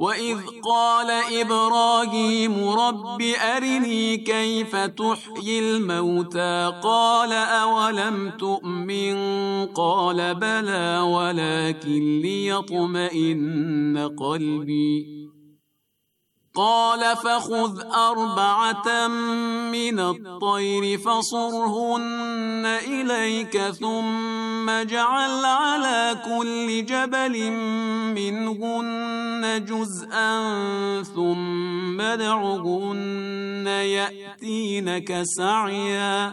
واذ قال ابراهيم رب ارني كيف تحيي الموتى قال اولم تؤمن قال بلى ولكن ليطمئن قلبي قال فخذ اربعه من الطير فصرهن اليك ثم اجعل على كل جبل منه جزءا ثم دعهن يأتينك سعيا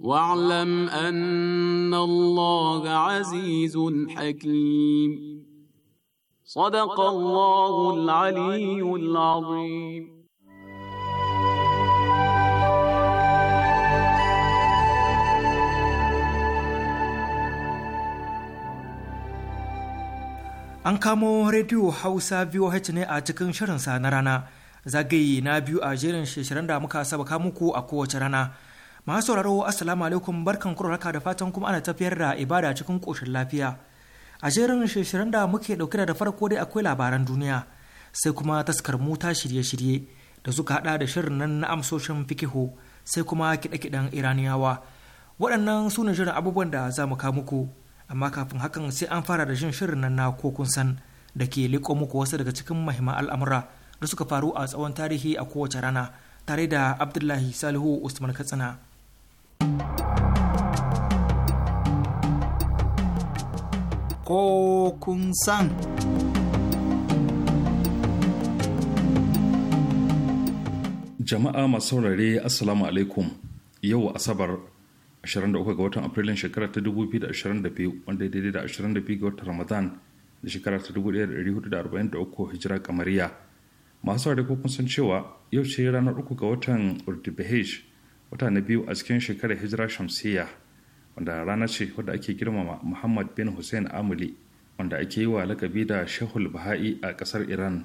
واعلم أن الله عزيز حكيم صدق الله العلي العظيم An kamo rediyo Hausa VOH ne a cikin shirin sa na rana. Zagaye na biyu a jerin shirin da muka saba muku a kowace rana. Masu sauraro Assalamu alaikum barkan kuraraka da fatan kuma ana tafiyar da ibada cikin koshin lafiya. A jerin shirin da muke ɗauke da farko dai akwai labaran duniya. Sai kuma taskar mota shirye-shirye da suka hada da shirin nan na amsoshin fikihu sai kuma kiɗe-kiɗen Iraniyawa. Waɗannan su ne shirin abubuwan da za mu ku. amma kafin hakan sai an fara da jin shirin nan na ko kun san da ke liko muku wasu daga cikin mahimman al'amura da suka faru a tsawon tarihi a kowace rana tare da abdullahi salihu usman katsina ko kun san jama'a masu saurare assalamu alaikum yau asabar 23 ga watan afrilun shekarar ta 2022 wanda daidai da 22 ga watan ramadan da shekarar ta 1443 hijira kamariya masu da kun san cewa yau ce ranar uku ga watan urdubahesh wata na biyu a cikin shekarar hijira shamsiyya wanda rana ce wadda ake girmama muhammad bin hussein amuli wanda ake yi wa lakabi da shehul baha'i a kasar iran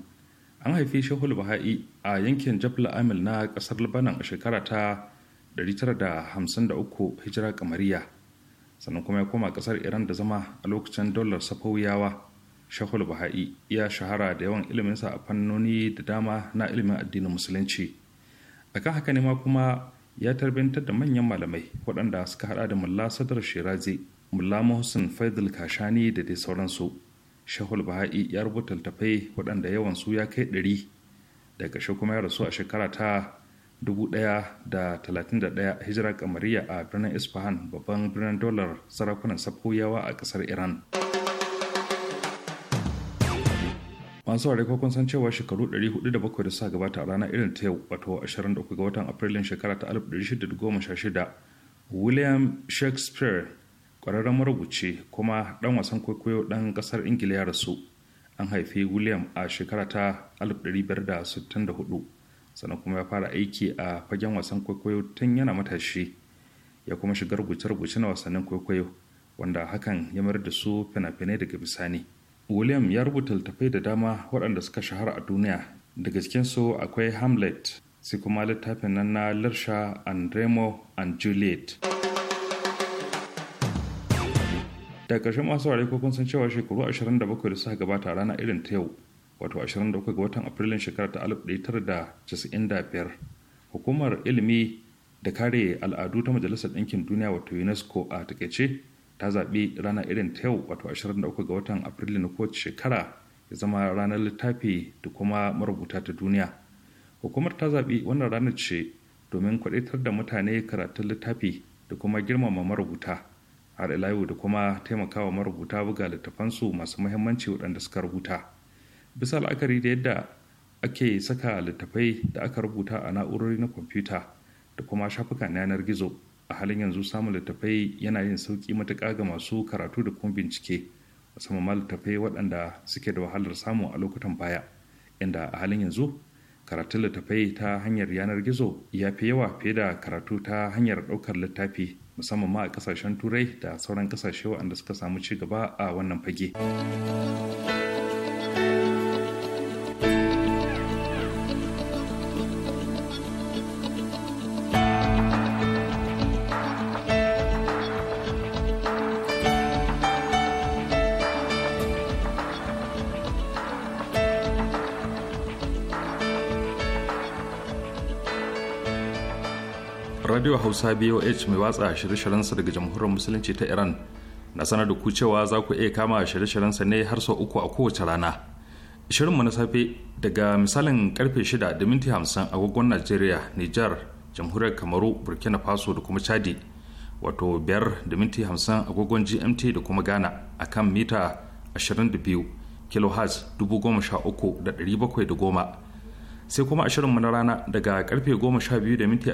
an haifi shehul baha'i a yankin jabal amil na kasar Lebanon a shekara ta uku, hijira kamariya sannan kuma ya koma kasar iran da zama a lokacin dollar safawiyawa shahul baha'i ya shahara da yawan iliminsa a fannoni da dama na ilimin addinin musulunci akan haka ne ma kuma ya tarbantar da manyan malamai waɗanda suka hada da mulla sadar shirazi mulla mahusin faidul kashani da dai sauransu shahul baha'i ya rubuta littattafai waɗanda yawan su ya kai ɗari da ƙarshe kuma ya rasu a shekara ta 1,031 hijira kamariya a birnin isfahan babban birnin dolar sarakunan safoyawa a kasar iran masu ware kun san cewa shekaru 407 da suka gabata a ranar irin ta yau wato 23 ga watan afrilun shekara ta 1616 william shakespeare kwararren marubuci kuma dan wasan kwaikwayo dan kasar ingila ya rasu an haifi william a shekara ta 1564 sannan kuma ya fara aiki a fagen wasan kwaikwayo tun yana matashi ya kuma shiga rubuce-rubuce na wasannin kwaikwayo wanda hakan ya mayar da su fina-finai daga bisani william ya rubuta littattafai da dama waɗanda suka shahara a duniya daga cikin su akwai hamlet sai kuma littafin nan na larsha and remo and juliet daga ƙarshen masu ware kun san cewa shekaru 27 da suka gabata rana irin ta yau wato 23 ga watan afrilun shekarar ta 1995 hukumar ilimi da kare al'adu ta majalisar ɗinkin duniya wato unesco a takaice ta zaɓi rana irin ta yau wato 23 ga watan afrilun na kowace shekara ya zama ranar littafi da kuma marubuta ta duniya hukumar ta zaɓi wannan ranar ce domin kwaɗaitar da mutane karatun littafi da kuma girmama marubuta har ila yau da kuma taimakawa marubuta buga littafansu masu muhimmanci waɗanda suka rubuta. bisa la'akari da yadda ake saka littattafai da aka rubuta a na'urori na kwamfuta da kuma shafukan yanar gizo a halin yanzu samun littattafai yana yin sauƙi matuƙa ga masu karatu da kuma bincike musamman ma littattafai waɗanda suke da wahalar samu a lokutan baya inda a halin yanzu karatun littattafai ta hanyar yanar gizo ya fi yawa fiye da karatu ta hanyar ɗaukar littafi musamman ma a ƙasashen turai da sauran ƙasashe waɗanda suka samu ci gaba a wannan fage. hausa boh mai watsa shirye sa daga jamhuriyar musulunci ta iran na sanar da ku cewa za ku iya kama shirye-shiryensa ne har sau uku a kowace rana shirinmu na safe daga misalin karfe 6.50 agogon najeriya niger jamhuriyar kamaru burkina faso da kuma chadi wato 5:50 da 50 agogon gmt da kuma ghana a kan mita 22 kilohertz 13710 sai kuma ashirinmu na rana daga karfe biyu da minti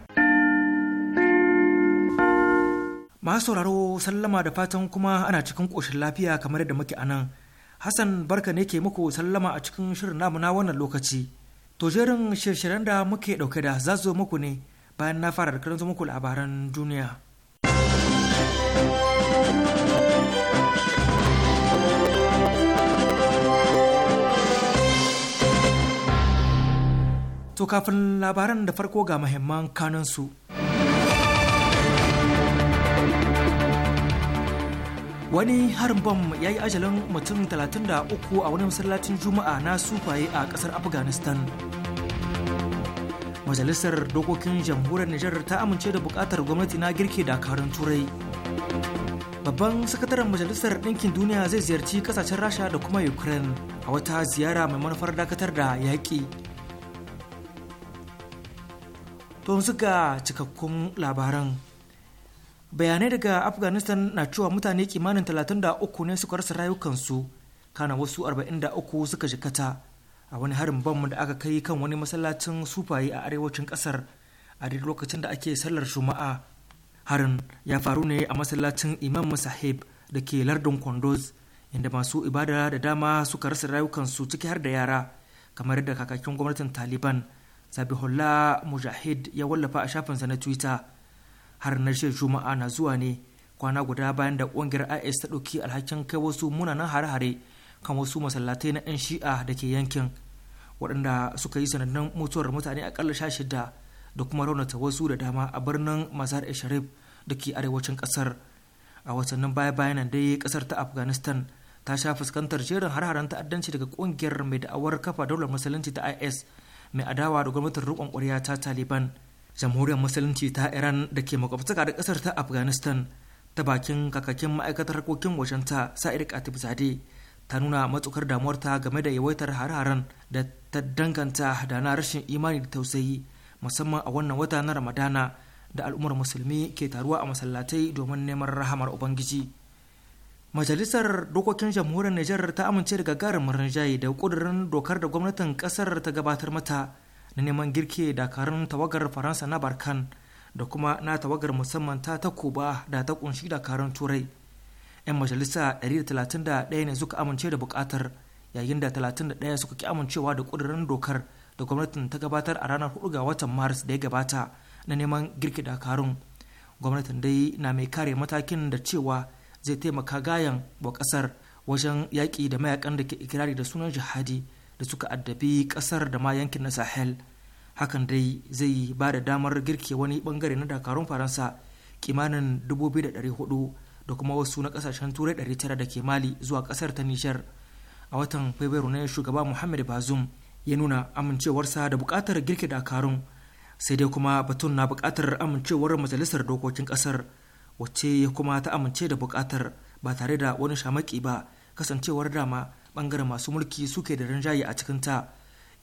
masu sauraro sallama da fatan kuma ana cikin ƙoshin lafiya kamar yadda muke anan hassan barka ne ke muku sallama a cikin shirin namu na wannan lokaci to jerin shirye da muke ɗauke da za zo muku ne bayan na fara da muku labaran duniya To kafin labaran da farko ga mahimman kanansu. wani harin bom ya yi ajalin mutum 33 a wani masallacin juma'a na sufaye a kasar afghanistan majalisar dokokin jamhuriyar nijar ta amince da bukatar gwamnati na girke dakarun turai babban sakataren majalisar ɗinkin duniya zai ziyarci kasashen rasha da kuma ukraine a wata ziyara mai manufar dakatar da yaƙi to suka cikakkun labaran bayanai daga afghanistan na cewa mutane kimanin 33 ne suka rasa rayukansu kana wasu 43 suka jikata a wani harin bam da aka kai kan wani masallacin sufaye a arewacin kasar a duk lokacin da ake sallar juma'a harin ya faru ne a masallacin imam sahib da ke lardin kwandoz inda masu ibada da dama suka rasa rayukansu ciki har da yara kamar yadda kakakin gwamnatin taliban sabihullah mujahid ya wallafa a shafinsa na twitter har na jiya juma'a na zuwa ne kwana guda bayan da ƙungiyar is ta ɗauki alhakin kai wasu munanan hare-hare kan wasu masallatai na 'yan shi'a da ke yankin waɗanda suka yi sanannun mutuwar mutane akalla sha shida da kuma raunata wasu da dama a birnin mazar e sharif da ke arewacin ƙasar a watannin baya bayan nan dai ƙasar ta afghanistan ta sha fuskantar jerin har ta'addanci daga ƙungiyar mai da'awar kafa daular musulunci ta is mai adawa da gwamnatin riƙon ƙwarya ta taliban jamhuriyar musulunci ta iran da ke makwabtaka da kasar ta afghanistan ta bakin kakakin ma'aikatar harkokin ta sa'ir zade ta nuna matsukar damuwar ta game da yawaitar hare-haren da ta danganta da na rashin imani da tausayi musamman a wannan wata na ramadana da al'ummar musulmi ke taruwa a masallatai domin neman rahamar ubangiji majalisar dokokin jamhuriyar nijar ta amince da gagarumin rinjaye da kudurin dokar da gwamnatin kasar ta gabatar mata na neman girke dakarun tawagar faransa na barkan da kuma na tawagar musamman ta kuba da ta kunshi dakarun turai 'yan majalisa 131 ne suka amince da bukatar yayin da 31 suka ki amincewa da kudurin dokar da gwamnatin ta gabatar a ranar 4 ga watan maris da ya gabata na neman girki dakarun gwamnatin dai na mai kare matakin da cewa zai taimaka gayan wa kasar wajen yaƙi da mayakan da ke ikirari da sunan jihadi da suka addabi kasar da ma yankin na sahel hakan dai zai ba da damar girke wani bangare na dakarun faransa kimanin 2,400 da kuma wasu na kasashen turai 900 da ke mali zuwa kasar ta nijar a watan fabrairu na shugaba muhammad bazum ya nuna amincewarsa da bukatar girke dakarun sai dai kuma batun na bukatar amincewar majalisar dokokin kasar wacce ya kuma ta amince da bukatar ba tare da wani shamaki ba kasancewar dama bangaren masu mulki suke da rinjaye a cikin ta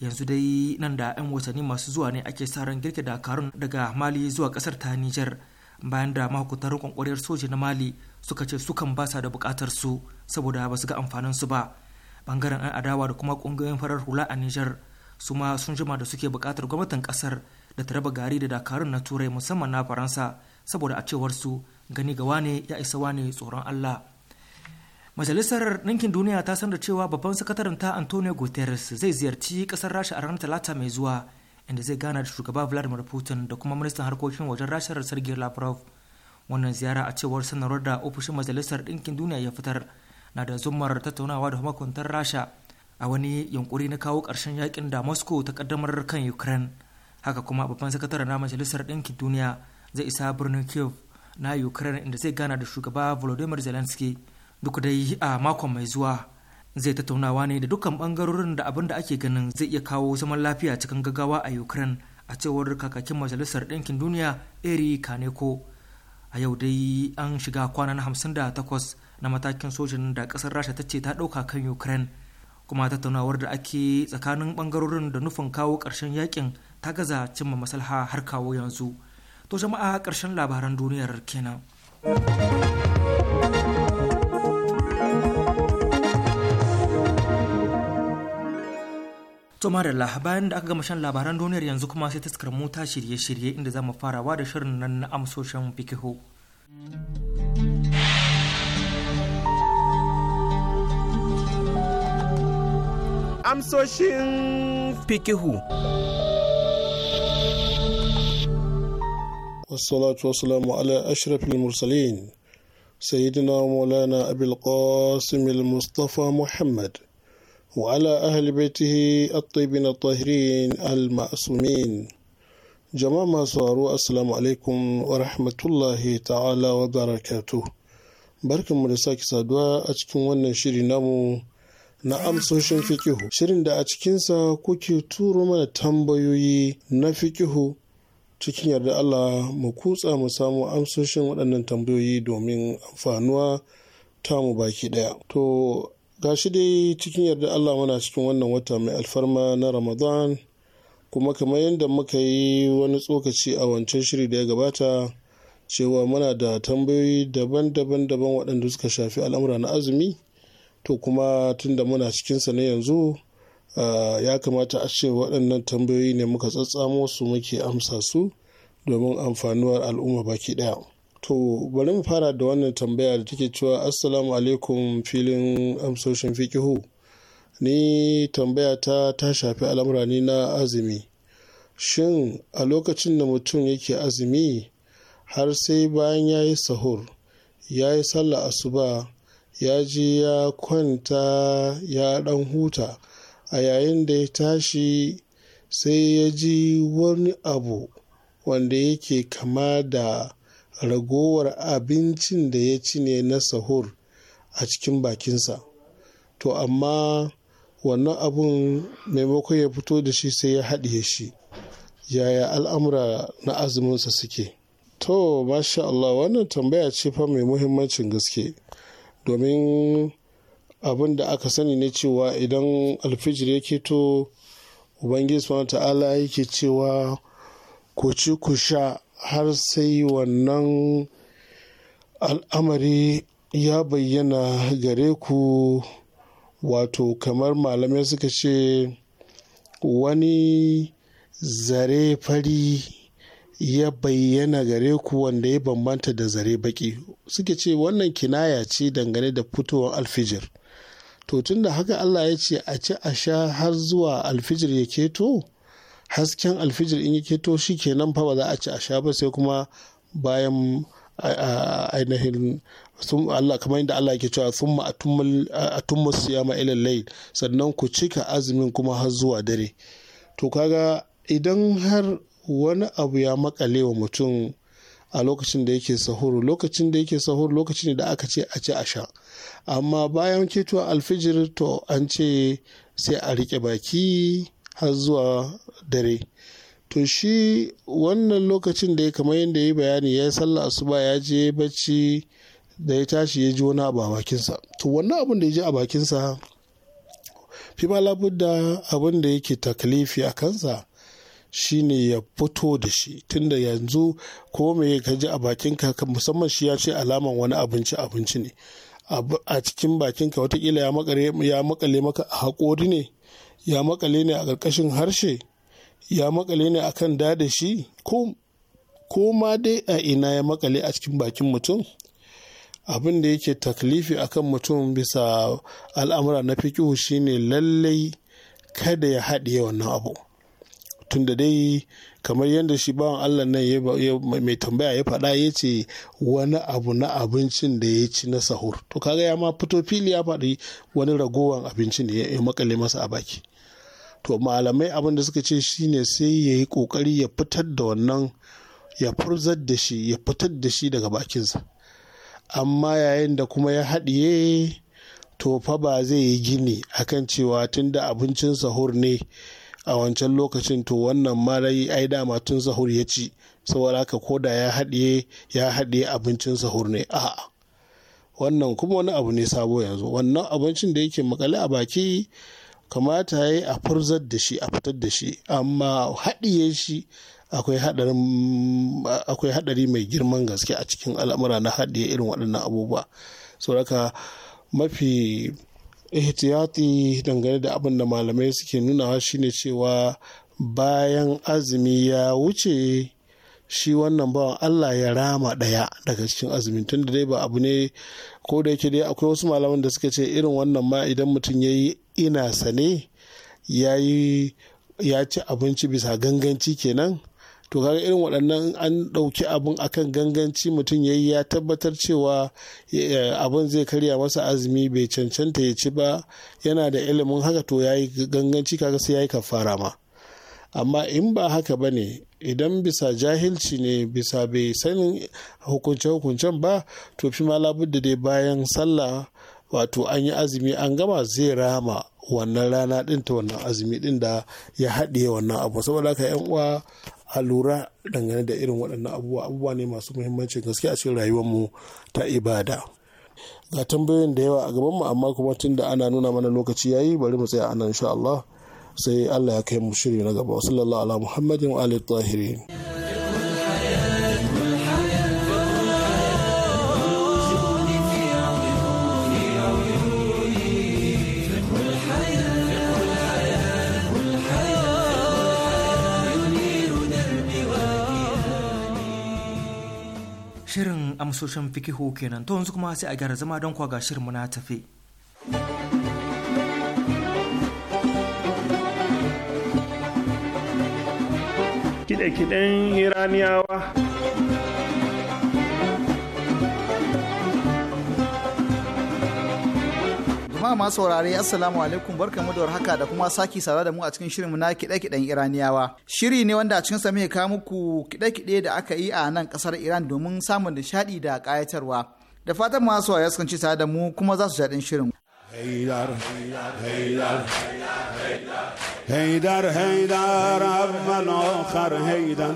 yanzu dai nan da 'yan watanni masu zuwa ne ake sa ran girke dakarun daga mali zuwa kasar ta nijar bayan da mahukuntar rikon kwarar soji na mali suka ce sukan ba sa da bukatar su saboda ba su ga amfanin su ba bangaren 'yan adawa da kuma kungiyoyin farar hula a nijar su ma sun jima da suke bukatar gwamnatin kasar da ta raba gari da dakarun na turai musamman na faransa saboda a cewar su gani ga wane ya isa wane tsoron allah majalisar ɗinkin duniya ta sanar cewa babban sakataren ta antonio guterres zai ziyarci ƙasar rasha a ranar talata mai zuwa inda zai gana da shugaba vladimir putin da kuma ministan harkokin wajen rashar sergei lavrov wannan ziyara a cewar sanarwar da ofishin majalisar ɗinkin duniya ya fitar na da zumar tattaunawa da makuntar rasha a wani yunkuri na kawo ƙarshen yakin da moscow ta kaddamar kan ukraine haka kuma babban sakataren na majalisar ɗinkin duniya zai isa birnin kyiv na ukraine inda zai gana da shugaba volodymyr zelensky duk dai a makon mai zuwa zai tattaunawa ne da dukkan bangarorin da abin da ake ganin zai iya kawo zaman lafiya cikin gaggawa a ukraine a cewar kakakin majalisar ɗinkin duniya eri kaneko a yau dai an shiga kwanan takwas na matakin sojin da ƙasar rasha ta ce ta ɗauka kan ukraine kuma tattaunawar da ake tsakanin bangarorin da nufin kawo ƙarshen yakin ta gaza cimma masalha har kawo yanzu to jama'a ƙarshen labaran duniyar kenan. To Marilla bayan da aka gama shan labaran duniyar yanzu kuma sai ta tsakar mota shirye-shirye inda za mu farawa da shirin nan na amsoshin fikiho. Amsoshin fikihu. Wassalatu wassalamu ala ashrafil mursalin sayyidina maulana abil qasim al-mustafa muhammad وعلى أهل بيته الطيبين الطاهرين المأسومين jama'a masu sauraro, assalamu alaikum wa rahmatullahi ta'ala wa barakatu barkanmu da sake saduwa a cikin wannan shiri na amsoshin fikihu shirin da a cikinsa kuke turo mana tambayoyi na fikihu cikin yarda Allah mu kutsa mu samu amsoshin waɗannan tambayoyi domin amfanuwa tamu baki ɗaya to ga shi dai cikin yarda Allah muna cikin wannan wata mai alfarma na Ramadan kuma kamar yadda muka yi wani tsokaci a wancan shiri da ya gabata cewa muna da tambayoyi daban-daban daban waɗanda suka shafi al'amura na azumi to kuma tunda muna cikinsa na yanzu ya kamata a ce waɗannan tambayoyi ne muka tsatsamo su muke amsa su domin amfanuwar al'umma baki ɗaya. To bari mu fara da wannan tambaya da take cewa Assalamu alaikum filin amsoshin fikihu. Ni tambaya ta ta shafi al'amura ne na azumi. Shin a lokacin da mutum yake azumi har sai bayan ya yi sahur, ya yi sallah asuba, ya ji ya kwanta ya ɗan huta a yayin da ya tashi sai ya ji wani abu wanda yake kama da ragowar abincin da ya ci ne na sahur a cikin bakinsa to amma wannan abun maimakon ya fito da shi sai ya haɗiye shi yaya al'amura na azuminsa suke to masha Allah wannan tambaya ce fa mai muhimmancin gaske domin abin da aka sani ne cewa idan alfijir ya keto ubangiji ta'ala yake cewa ku ci ku sha har sai wannan al'amari ya bayyana gare ku wato kamar malamai suka ce wani zare fari ya bayyana gare ku wanda ya bambanta da zare baki suke ce wannan kinaya ce dangane da fitowar alfijir to tun da haka allah ya ce a ci a sha har zuwa alfijir ya keto hasken alfijir in ya keto shi kenan fa ba za a ci a sha ba sai kuma bayan ainihin Allah kamar yadda Allah ke cewa sun atumma siyama ilal layl sannan ku cika azumin kuma har zuwa dare to kaga idan har wani abu ya makale wa mutum a lokacin da yake sahuru lokacin da yake sahuru lokacin da aka ce a ci a sha amma bayan ketuwa alfijir to an ce sai a rike baki har zuwa dare to shi wannan lokacin da ya kamar yadda ya yi bayani ya yi sallah asuba ya je bacci da ya tashi ya ji wani abu a bakinsa to wannan abin da ya ji a bakinsa fi ma labudda abin da yake taklifi a kansa shine ya fito da shi tunda yanzu ko me ka ji a bakinka musamman shi ya ce alaman wani abinci abinci ne a cikin bakinka watakila ya makale maka a haƙori ne ya makale ne a ƙarƙashin harshe ya makale ne akan da da shi ko ma dai a ina ya makale a cikin bakin mutum abin da yake taklifi akan mutum bisa al'amura na fikihu shine lallai kada ya haɗiye wannan abu tunda dai kamar yadda shi bawan allah nan mai tambaya ya faɗa ya ce wani abu na abincin da ya ci na sahur to kaga ya ma fito fili ya faɗi wani ragowar abincin da ya makale masa a baki to malamai abin da suka ce shine sai ya yi kokari ya fitar da wannan ya furzar da shi ya fitar da shi daga bakinsa amma yayin da kuma ya haɗiye to fa ba zai yi gini akan cewa tun da abincin sahur ne a wancan lokacin to wannan marayi ai dama tun sahur ya ci saboda haka da ya haɗiye ya haɗiye abincin sahur ne a'a wannan kuma wani abu ne sabo yanzu wannan abincin da yake makale a baki kamata ya yi a furzar da shi a fitar da shi amma haɗiye shi akwai haɗari mai girman gaske a cikin al'amura na haɗiye irin waɗannan abubuwa sauraka mafi ihtiyati dangane da abin da malamai suke nunawa shine cewa bayan azumi ya wuce shi wannan bawan Allah ya rama ɗaya daga cikin azumin tun da dai ba abu ne ko da yake dai akwai wasu malaman da suka ce irin wannan ma idan mutum ya yi ina sane ya ci abinci bisa ganganci kenan to kaga irin waɗannan an ɗauki abin akan ganganci mutum ya yi ya tabbatar cewa abin zai karya masa azumi bai cancanta ya ci ba yana da ilimin haka to ya yi ganganci kaga sai ya yi kafara ma amma in ba haka ba ne idan bisa jahilci ne bisa bai sanin hukunce-hukuncen ba to fi ma labudda dai bayan sallah wato an yi azumi an gama zai rama wannan rana din ta wannan azumi din da ya haɗiye wannan abu saboda haka yan uwa a lura dangane da irin waɗannan abubuwa abubuwa ne masu muhimmancin gaske a cikin mu ta ibada ga tambayoyin da yawa a gaban mu amma kuma tun da ana nuna mana lokaci yayi bari mu tsaya anan insha Allah sai Allah ya kai mu shiri na gaba sallallahu sallam muhammadin wa alihi amsoshin fikihu kenan to yanzu kuma sai a gyara zama don kwa ga shirinmu na tafe. Kiɗe-kiɗen Iraniyawa. jama'a masu saurare assalamu alaikum barkamu da haka da kuma saki saurare da mu a cikin mu na kiɗe-kiɗen iraniyawa shiri ne wanda a cikin sa muke kawo muku kiɗe-kiɗe da aka yi a nan kasar iran domin samun nishaɗi da kayatarwa da fatan masu saurare sun tare da mu kuma za su jaɗin shirin. هیدر هیدر اول آخر هیدر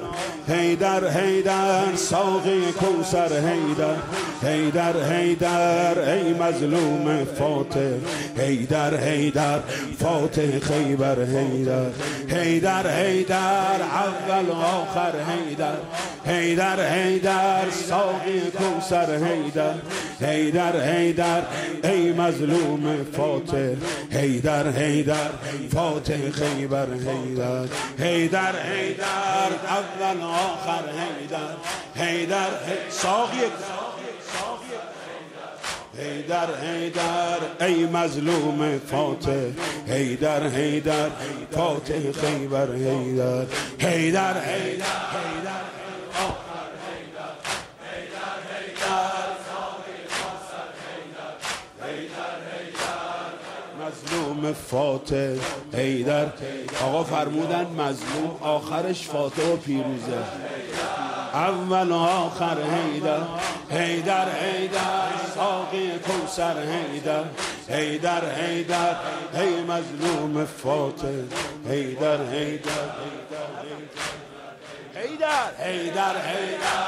هیدر هیدر ساقی کوسر هیدر هیدر هیدر ای مظلوم فاتح هیدر هیدر فاتح خیبر هیدر هیدر هیدر اول آخر هیدر هیدر هیدر ساقی کوسر هیدر هیدر هیدر ای مظلوم فاتح هیدر هیدر فاتح خیبر هیدر هیدر هیدر اول آخر هیدر هیدر ساقی هیدر هیدر ای مظلوم فاتح هیدر هیدر فاتح خیبر هیدر هیدر هیدر فاتح هیدر آقا فرمودن مظلوم آخرش فاتح و پیروزه اول و آخر هیدر هیدر هیدر ساقی کوسر هیدر هیدر هیدر هی مظلوم فاتح هیدر هیدر هیدر هیدر هیدر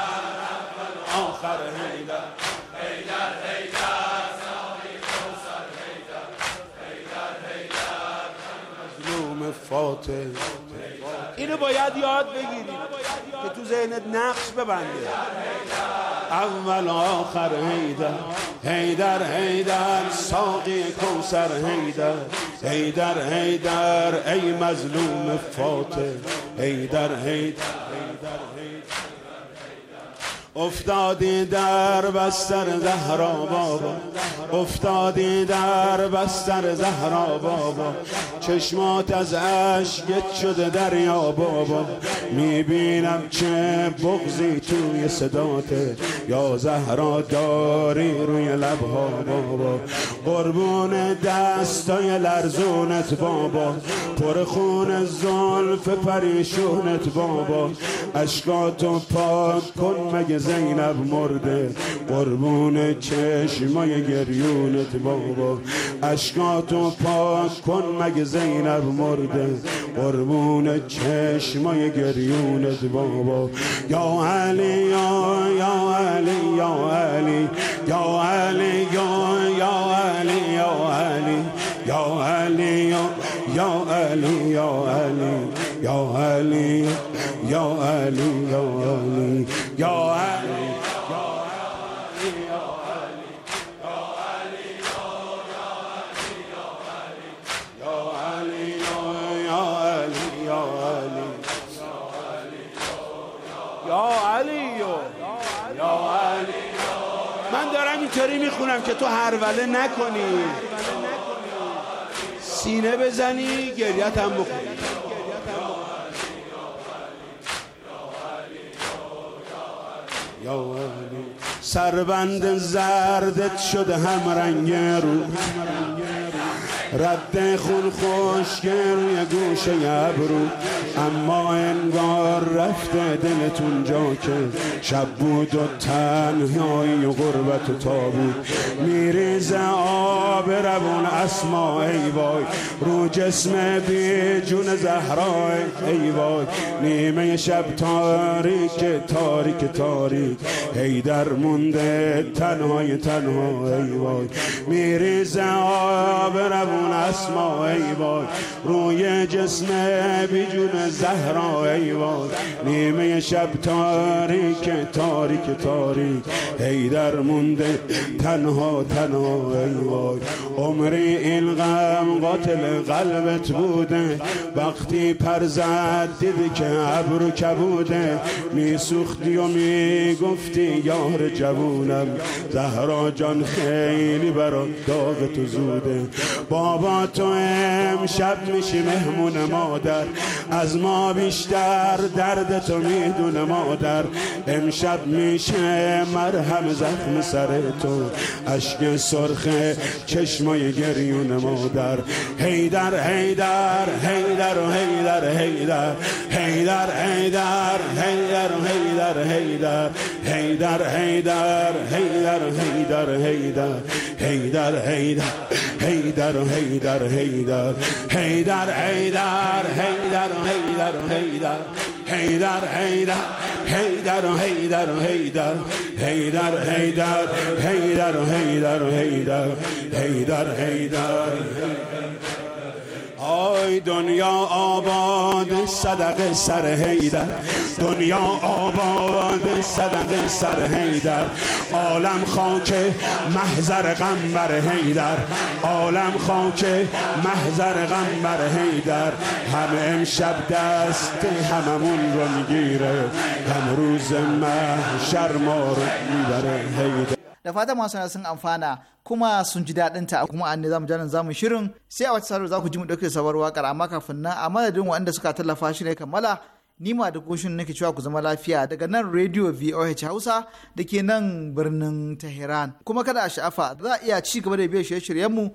آخر هیدر فاتح اینو باید یاد بگیری که تو ذهنت نقش ببنده اول آخر هیدر هیدر هیدر ساقی کوسر هیدر هیدر هیدر ای مظلوم فاتح هیدر هیدر هیدر افتادی در بستر زهرا بابا افتادی در بستر زهرا بابا چشمات از عشق شده دریا بابا میبینم چه بغزی توی صداته یا زهرا داری روی لبها بابا قربون دستای لرزونت بابا پر خون زلف پریشونت بابا اشکاتو پاک کن مگه زینب مرده قربون چشمای گریونت بابا اشکاتو پاک کن مگه زینب مرده قربون چشمای گریونت بابا یا علی یا یا علی یا علی یا علی یا یا علی یا علی یا علی یا علی یا علی یا علی یا علی یا علی یا علی من دارم اینطوری میخونم که تو هروله نکنی سینه بزنی گریت هم بخونی سربند زردت شده هم رنگ رو رد خون خشک روی گوشه ابرو اما انگار رفته دلتون جا که شب بود و تنهایی و غربت و تابود میریز آب روون اسما ای وای رو جسم بی جون زهرا ای وای نیمه شب تاریک تاریک تاریک هی در مونده تنهای تنها ای وای میریز آب روون جون اسما ای روی جسم بی جون زهرا ای وای نیمه شب تاریک تاریک تاریک ای در مونده تنها تنها ای وای عمری این غم قاتل قلبت بوده وقتی پر زد دیدی که ابرو کبوده میسوختی و میگفتی یار جوونم زهرا جان خیلی برا داغ تو زوده با ما با تو امشب میشی مهمون مادر از ما بیشتر درد تو میدونه مادر امشب میشه مرهم زخم سر تو اشک سرخ چشمای گریون مادر هیدر هیدر هیدر و هیدر هیدر هیدر هیدر هیدر هیدر هیدر هیدر هیدر هیدر هیدر هیدر هیدر هیدر هیدر هیدر هیدر هیدر هیدر هیدر هیدر هیدر هیدر هیدر هیدر هیدر هیدر هیدر هیدر هیدر هیدر هیدر هیدر هیدر آی دنیا آباد صدق سر حیدر دنیا آباد صدق سر حیدر عالم خاک محضر بر حیدر عالم خاک محضر بر حیدر همه امشب دست هممون رو میگیره هم محشر ما رو میبره حیدر da fata masu sun amfana kuma sun ji daɗin ta kuma an ne zamu jaran zamu shirin sai a wata sarwa za ku ji mu ɗauke sabar waƙar amma kafin nan a madadin waɗanda suka tallafa shi ne kammala ni ma da goshin nake cewa ku zama lafiya daga nan radio VOH Hausa da ke nan birnin Tehran kuma kada a sha'afa za a iya ci gaba da biyan shirye-shiryenmu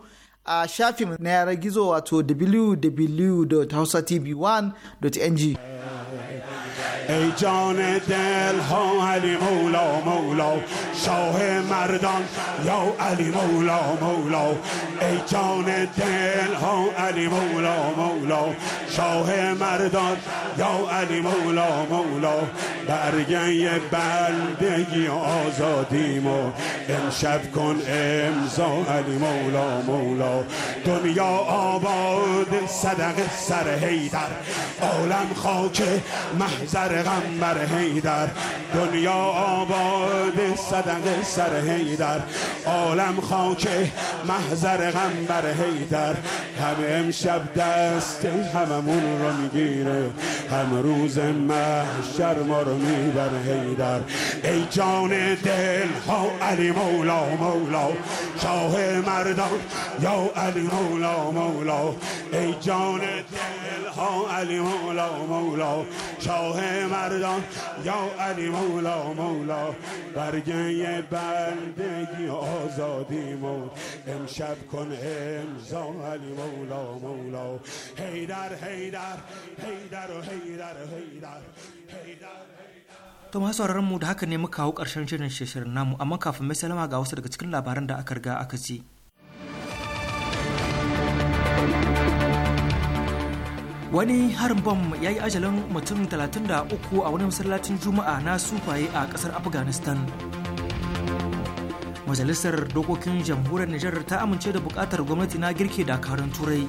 a shafin na yara gizo wato www.hausatv1.ng ای جان دل ها علی مولا مولا شاه مردان یا علی مولا مولا ای جان دل ها علی مولا مولا شاه مردان یا علی مولا مولا برگه بلدگی آزادیم و امشب کن امضا علی مولا مولا دنیا آباد صدق سر هیدر عالم خاک محضر پیغمبر حیدر دنیا آباد صدق سر حیدر عالم خاکه محضر غمبر حیدر همه امشب دست هممون رو میگیره هم روز محشر ما رو میبر حیدر ای جان دل ها علی مولا مولا شاه مردان یا علی مولا مولا ای جان دل ها علی مولا مولا شاه مردان یا علی مولا مولا برگه بندگی آزادی مون امشب کن امضا علی مولا مولا هیدر هیدر هیدر و هیدر هیدر هیدر To masu sauraron mu da haka ne muka hau ƙarshen shirin shirin namu amma kafin mai salama ga wasu daga cikin labaran da aka riga aka ci. wani harin bom ya yi ajalin mutum 33 a wani masallacin juma'a na sufaye a kasar afghanistan majalisar dokokin jamhuriyar nijar ta amince da bukatar gwamnati na girke dakarun turai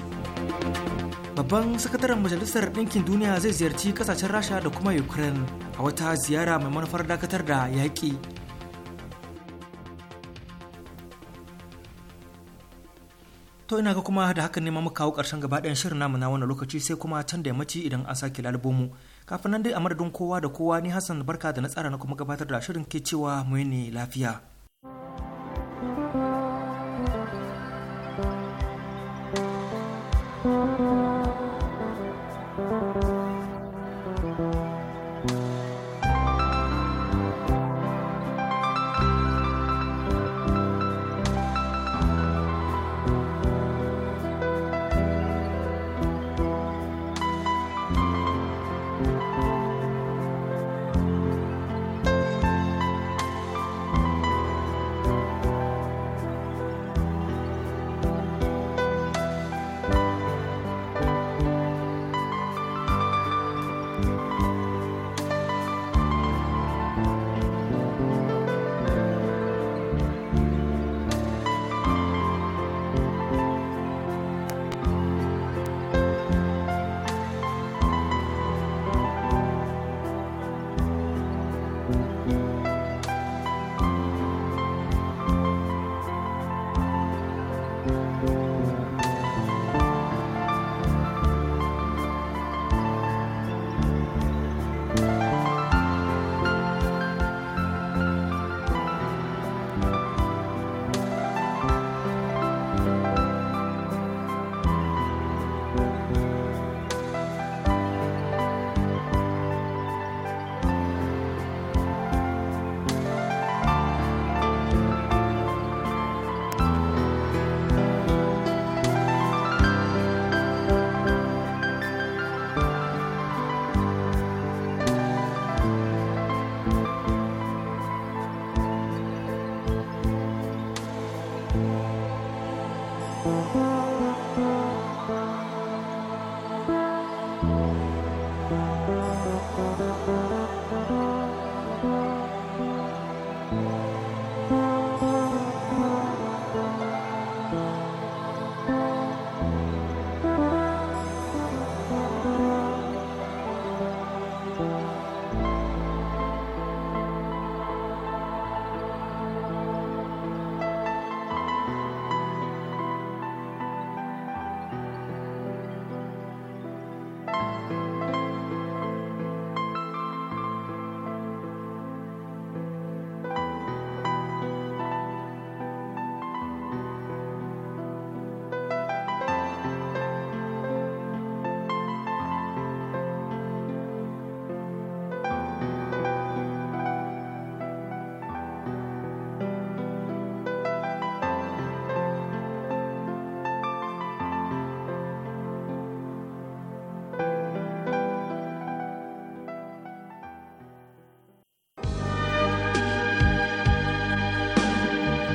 babban sakataren majalisar ɗinkin duniya zai ziyarci kasashen rasha da kuma ukraine a wata ziyara mai manufar dakatar da yaƙi To ina ga kuma da hakan ne ma mu kawo ƙarshen gaba ɗayan shirin namu na wannan lokaci sai kuma can da yammaci idan an sake lalubo mu. Kafin nan dai a madadin kowa da kowa ni Hassan barka da na tsara na kuma gabatar da shirin ke cewa mu ne lafiya.